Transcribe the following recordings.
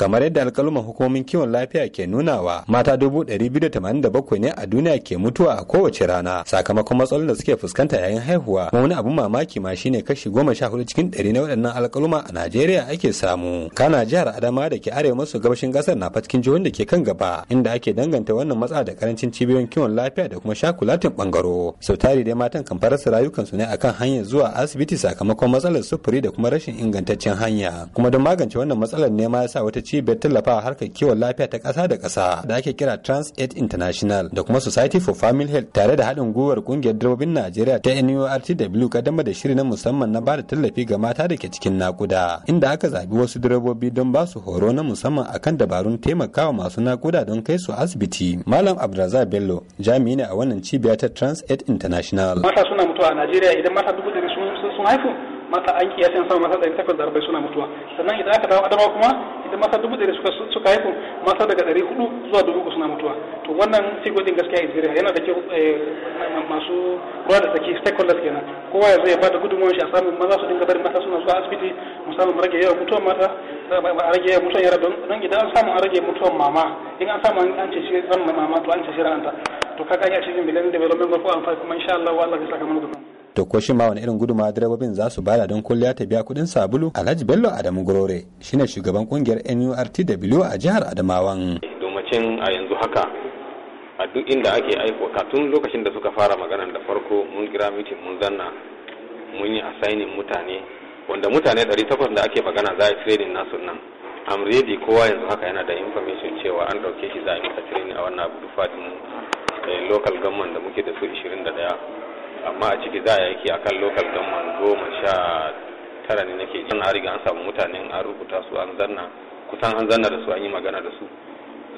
kamar yadda alkaluman hukumomin kiwon lafiya ke nunawa mata dubu biyu da bakwai ne a duniya ke mutuwa a kowace rana sakamakon matsalolin da suke fuskanta yayin haihuwa kuma wani abun mamaki ma shine kashi goma sha hudu cikin ɗari na waɗannan alkaluma a najeriya ake samu kana jihar adama da ke arewa maso gabashin ƙasar na cikin jihohin da ke kan gaba inda ake danganta wannan matsala da karancin cibiyoyin kiwon lafiya da kuma shakulatin bangaro sau tari dai matan kan su rayukansu ne akan hanyar zuwa asibiti sakamakon matsalar sufuri da kuma rashin ingantaccen hanya kuma don magance wannan matsalar ne ma ya sa wata cibiyar tallafa harkar kiwon lafiya ta ƙasa da ƙasa da ake kira trans aid international da kuma society for family health tare da haɗin gwiwar ƙungiyar direbobin najeriya ta nurtw kadama da shiri na musamman na bada tallafi ga mata da ke cikin nakuda inda aka zaɓi wasu direbobi don ba su horo na musamman akan dabarun taimakawa masu nakuda don kai su asibiti malam abdulrazak bello jami'i ne a wannan cibiya ta trans aid international mata suna mutuwa a najeriya idan mata dubu sun haifu mata an kiyasa kiyasin sama masa ɗari takwas da arba'in suna mutuwa sannan idan aka dawo adama kuma idan masa dubu ɗari suka suka haihu masa daga ɗari hudu zuwa dubu uku suna mutuwa to wannan figure din gaskiya is very yana da kyau eh, masu ruwa da tsaki stakeholders kenan kowa ya zai bada gudunmawar shi a samu maza su dinga barin mata suna zuwa asibiti musamman rage yawan mutuwan mata a rage yawan mutuwan yara don idan an samu an rage mutuwan mama in an samu an ce shi ran mama to an ce shi ranta to kaga ya shi bin bilan development group an fa kuma insha Allah wallahi sakamakon to ko shi ma wani irin guduma direbobin za su bada don kulliya ta biya kudin sabulu alhaji bello adamu gurore shine shugaban kungiyar nurtw a jihar adamawan domacin a yanzu haka a duk inda ake aiko tun lokacin da suka fara magana da farko mun kira mitin mun zanna mun yi assigning mutane wanda mutane 800 da ake magana za a training nasu nan am ready kowa yanzu haka yana da information cewa an dauke shi za a yi masa training a wannan abu eh, local government da muke da su 21 amma a ciki za a yanki kan lokal gamman goma sha tara ne nake jin an riga an samu mutanen an rubuta su an zanna kusan an zanna da su an yi magana da su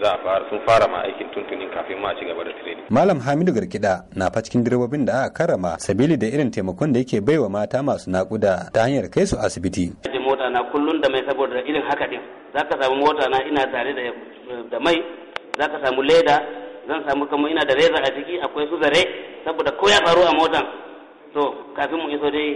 za a fara sun fara ma aikin tuntunin kafin ma a ci gaba da training. Malam Hamidu Garkida na fa cikin direbobin da aka karama sabili da irin taimakon da yake baiwa mata masu nakuda ta hanyar kai su asibiti. mota na kullum da mai saboda irin haka din. Za ka samu mota na ina tare da mai, za samu leda, zan samu kamar ina da reza a ciki akwai su zare saboda ko ya faru a motan to kafin mu iso dai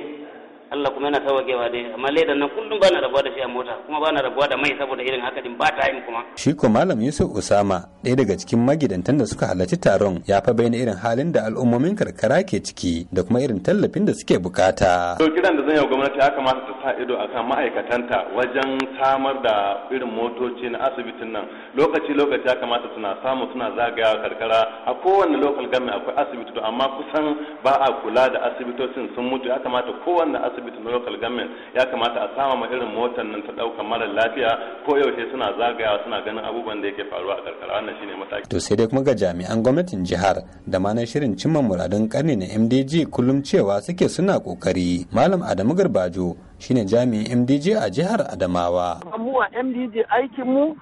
Allah kuma yana sawagewa dai amma ledan nan kullum bana rabuwa da shi a mota kuma bana rabuwa da mai saboda irin haka din ba time kuma shi ko malam Yusuf Usama ɗaya daga cikin magidantan da suka halarci taron ya fa bayyana irin halin da al'ummomin karkara ke ciki da kuma irin tallafin da suke bukata to kiran da zan yi gwamnati ya kamata ta sa ido akan ma'aikatanta wajen samar da irin motoci na asibitin nan lokaci lokaci ya kamata suna samu suna zagayawa karkara a kowanne local government akwai asibiti amma kusan ba a kula da asibitocin sun mutu ya kamata kowanne asibitin local government ya kamata a sama ma irin motar nan ta ɗaukar mara lafiya ko yaushe suna zagayawa suna ganin abubuwan da yake faruwa a karkara wannan shine mataki to sai dai kuma ga jami'an gwamnatin jihar da ma na shirin cimma muradun karni na MDG kullum cewa suke suna kokari malam Adamu Garbajo shine jami'in MDG a jihar Adamawa mu a MDG aikin mu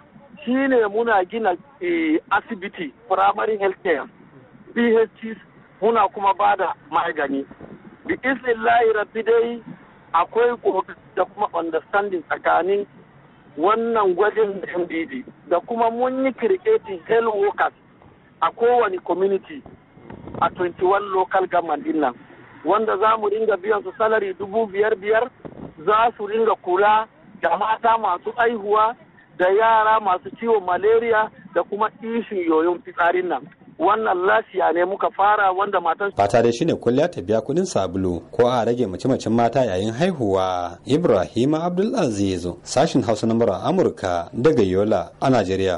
shine muna gina eh, asibiti primary health care PHC muna kuma bada magani bi layi rabbi dai akwai da kuma understanding tsakanin wannan gwajin da MDD da kuma mun yi creating health workers a kowane community a 21 local government nan wanda za mu ringa biyan su salari dubu biyar biyar za su ringa kula da mata masu aihuwa da yara masu ciwon malaria da kuma ishin yoyon fitsarin nan wannan lafiya ne muka fara wanda matan fata shi shine kulliya ta biya kudin sabulu ko a rage mace macen mata yayin haihuwa ibrahima abdulaziz sashin hausa na mura amurka daga yola a najeriya